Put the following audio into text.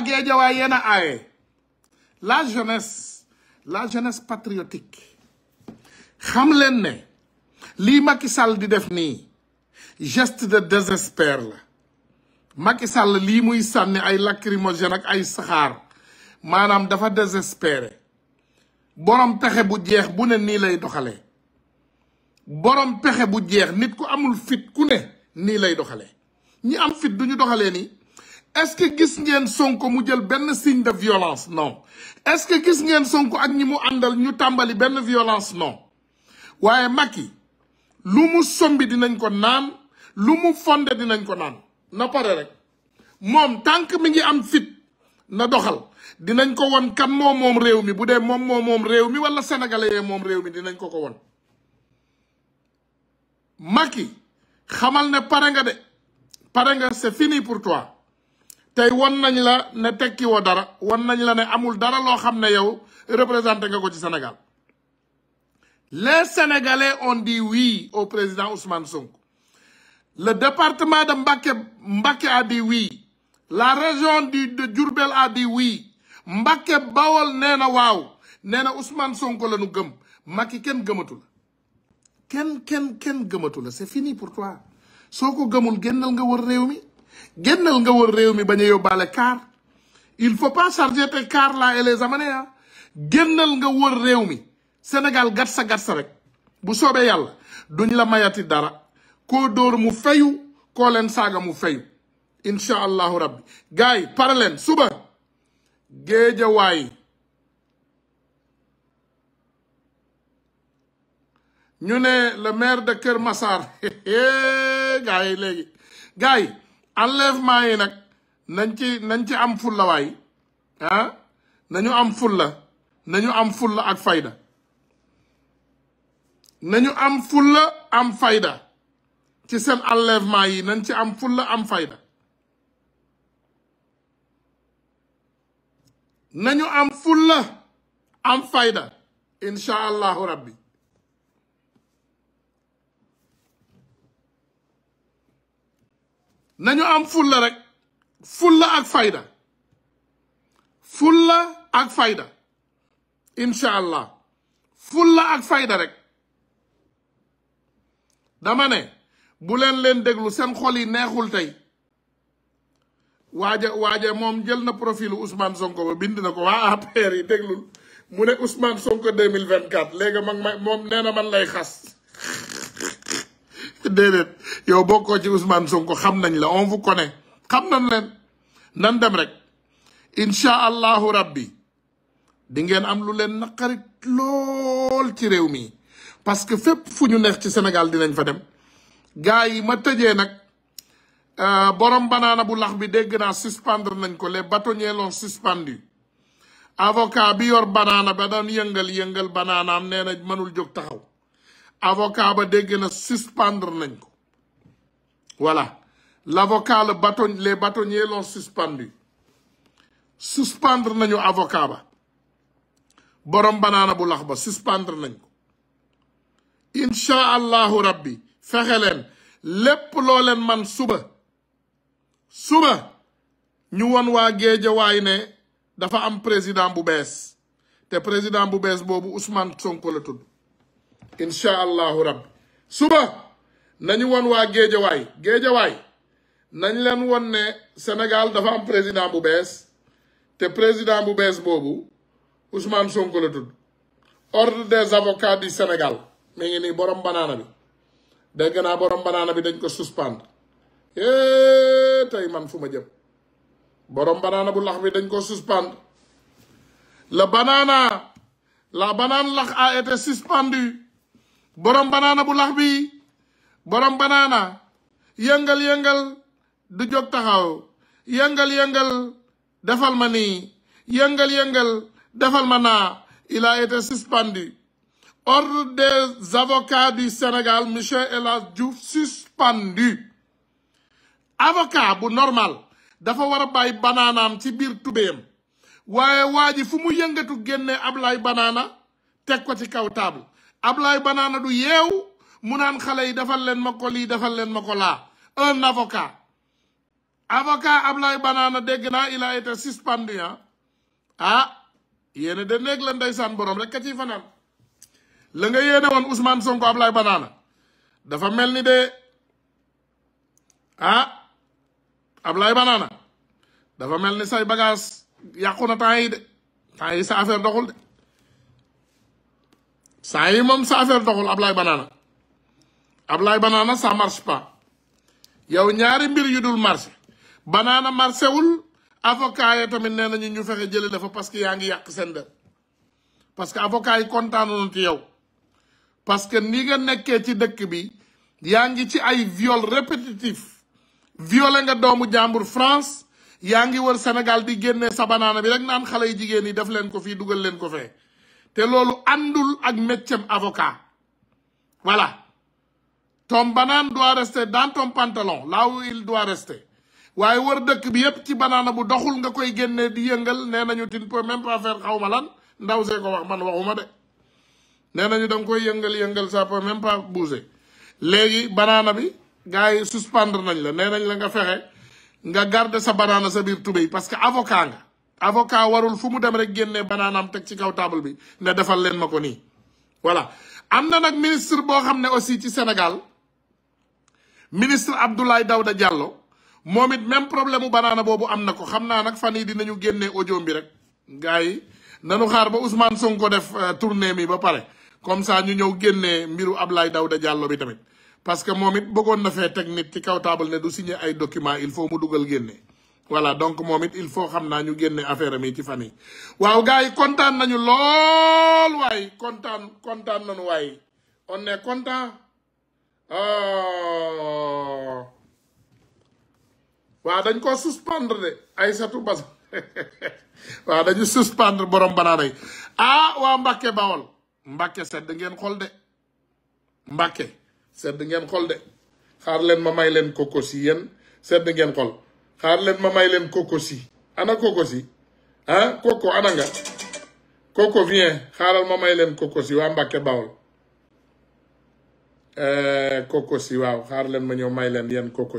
waa Géejawaay yéen a aaye la jeunesse la jeunesse patriotique xam leen ne lii Macky Sall di def nii gest de désespoir la Macky Sall lii muy sànni ay lacrymogène ak ay saxaar maanaam dafa désespéré borom pexe bu jeex bu ne nii lay doxalee borom pexe bu jeex nit ku amul fit ku ne nii lay doxalee ñi am fit duñu doxalee nii est-ce que gis ngeen Sonko mu jël benn signe de violence non est-ce que gis ngeen Sonko ak ñi mu àndal ñu tàmbali benn violence non waaye Macky lu mu sombi dinañ ko naan lu mu fonde dinañ ko naan na pare rek moom tànk mi ngi am fit na doxal dinañ ko won kan moom réew mi bu dee moom moom réew mi wala sénégalais yee moom réew mi dinañ ko ko won Macky xamal ne pare nga de pare nga c'est fini pour toit tey wan nañ la ne tekki woo dara wan nañ la ne amul dara loo xam ne yow représenté nga ko ci Sénégal les Sénégalais on di oui au président Ousmane Sonko le département de Mbacké Mbacké a dit la région du de Diourbel a dit oui Mbacké Bawol nee na waaw nee na Ousmane Sonko la nu gëm Macky kenn gëmatu la kenn kenn kenn gëmatu la c'est fini pour toi soo ko gëmul génnal nga wër réew mi génnal nga wër réew mi bañ a yóbbaale il faut pas charger tes car là et les amener génnal nga wër réew mi Sénégal gat sa rek bu soobee yàlla duñ la mayati dara koo dóor mu fayu koo leen saaga mu fayu incha allahu rabbi gars yi pare leen suba géejawaay ñu ne le maire de Kër Massar gars yi léegi gars enlèvement yi nag nañ ci nañ ci am fulla waay ah nañu am fulla nañu am fulla ak fayda nañu am fulla am fayda ci seen enlèvement yi nañ ci am fulla am fayda nañu am fulla am fayda incha allahu rabbi nañu am fulla rek fulla ak fayda fulla ak fayda incha allah fulla ak fayda rek dama ne bu leen leen déglu seen xol yi neexul tey waaja waaja moom jël na profilu Ousmane Sonko ba bind na ko waa APR yi déglul mu ne Ousmane Sonko 2024 léegi mag ma moom nee na man lay xas déedéet yow bokkoo ci Ousmane Sonko xam nañ la on vous connaît xam nañ leen nan dem rek incha allahu rabbi di ngeen am lu leen naqarit lool ci réew mi parce que fépp fu ñu neex ci Sénégal di dinañ fa dem gars yi ma tëjee nag euh, borom banaana bu lax bi dégg naa suspendre nañ ko les bâtonniers l'ont suspendu avocat bi yor banaana ba daan yëngal yëngal banaanaam nee na mënul jóg taxaw avocat ba dégg na suspendre nañ ko voilà l'avocat le bâton les bâtonniers l'ont suspendu suspendre nañu avocat ba borom banaana bu lax ba suspendre nañ ko incha allahu rabbi fexe leen lépp loo leen man suba suba ñu won waa Géejawaay ne dafa am président bu bees te président bu bees boobu Ousmane Sonko la tudd incha allahu rabbi suba nañu won waa géejawaay géejawaay nañ leen won ne Sénégal dafa am président bu bees te président bu bees boobu Ousmane Sonko la tudd ordre des avocats du Sénégal mi ngi nii borom banaana bi dégg naa banaana bi dañ ko suspendre tey man fu ma jëm borom banaana bu lax bi dañ ko suspendre le banana la banane lax a été suspendue borom banaana bu lax bi borom banaana yëngal yëngal du jóg taxaw yëngal yëngal defal ma nii yëngal yëngal defal ma naa il a été suspendu ordre des avocats du Sénégal monsieur El suspendu avocat bu normal dafa war a bàyyi ci biir tubéyam waaye waa ji fu mu yëngatu génne ab banaana teg ko ci kaw table ablaay Banaana du yeewu mu naan xale yi defal leen ma ko defal leen ma ko laa un avocat avocat Ablaye Banaana dégg naa il a été suspendu ah yéena de néeg leen ndeysaan boroom rek ka ciy fanaan la nga yéene woon Ousmane Sonko Ablaye Banaana dafa mel ni de ah Ablaye Banaana dafa mel ni say bagage yàqu na temps yi de temps yi sa affaire doxul de saa yi moom sa affaire doxul Ablaye Banana Ablaye Banana ça marche pas yow ñaari mbir yu dul marché banaana marché wul avocat tamit nee nañu ñu fexe jëlee dafa parce que yaa ngi yàq seen der parce que avocat yi kontaanoon ci yow parce que ni nga nekkee ci dëkk bi yaa ngi ci ay viol répétitif violé nga doomu jàmbur France yaa ngi wër Sénégal di génnee sa banaana bi rek naan xale yi jigéen yi def leen ko fii dugal leen ko fee te loolu àndul ak métier avocat voilà ton banaan doit rester dans ton pantalon là où il doit rester waaye wër dëkk bi yëpp ci banaana bu doxul nga koy génne di yëngal nee nañu tin peut même pas faire xaw ma lan ndaw see ko wax man waxuma de nee nañu da koy yëngal yëngal ça peut même pas bouger léegi banaana bi gars yi suspendre nañ la nee nañ la nga fexe nga garde sa banaana sa biir tubéy parce que avocat nga avocat warul fu mu dem rek génne banaanaam teg ci kaw table bi ne defal leen ma ko nii voilà am na nag ministre boo xam ne aussi ci Sénégal ministre Abdoulaye Daouda Diallo moom it même problème mu banaana boobu am na ko xam naa nag fan yii dinañu génne audio bi rek gars yi nanu xaar ba Ousmane Sonko def euh, tournée mi ba pare comme sa ñu ñëw génnee mbiru Abdoulaye Daouda Diallo bi tamit parce que moom it bëggoon na fee teg nit ci kaw table ne du signé ay document il faut mu dugal génne voilà donc moom it il faut xam naa ñu génne affaire am yi ci fan yi waaw gars yi kontaan nañu lool waay kontaan kontaan nañu waay on est content oh. waa dañ ko suspendre de Aïssatou Bas waaw dañu suspendre borom banaana yi ah waa mbake Bawol Mbàkke sedd ngeen xol de Mbàkke sedd ngeen xol de xaar leen ma may leen kokos yi yéen sedd ngeen xol xaar leen ma may leen koko si ana koko si ah koko ana nga koko vient xaaral ma may leen koko si waa Mbàkke Bawol koko eh, si waaw xaar leen ma ñëw may leen yeen koko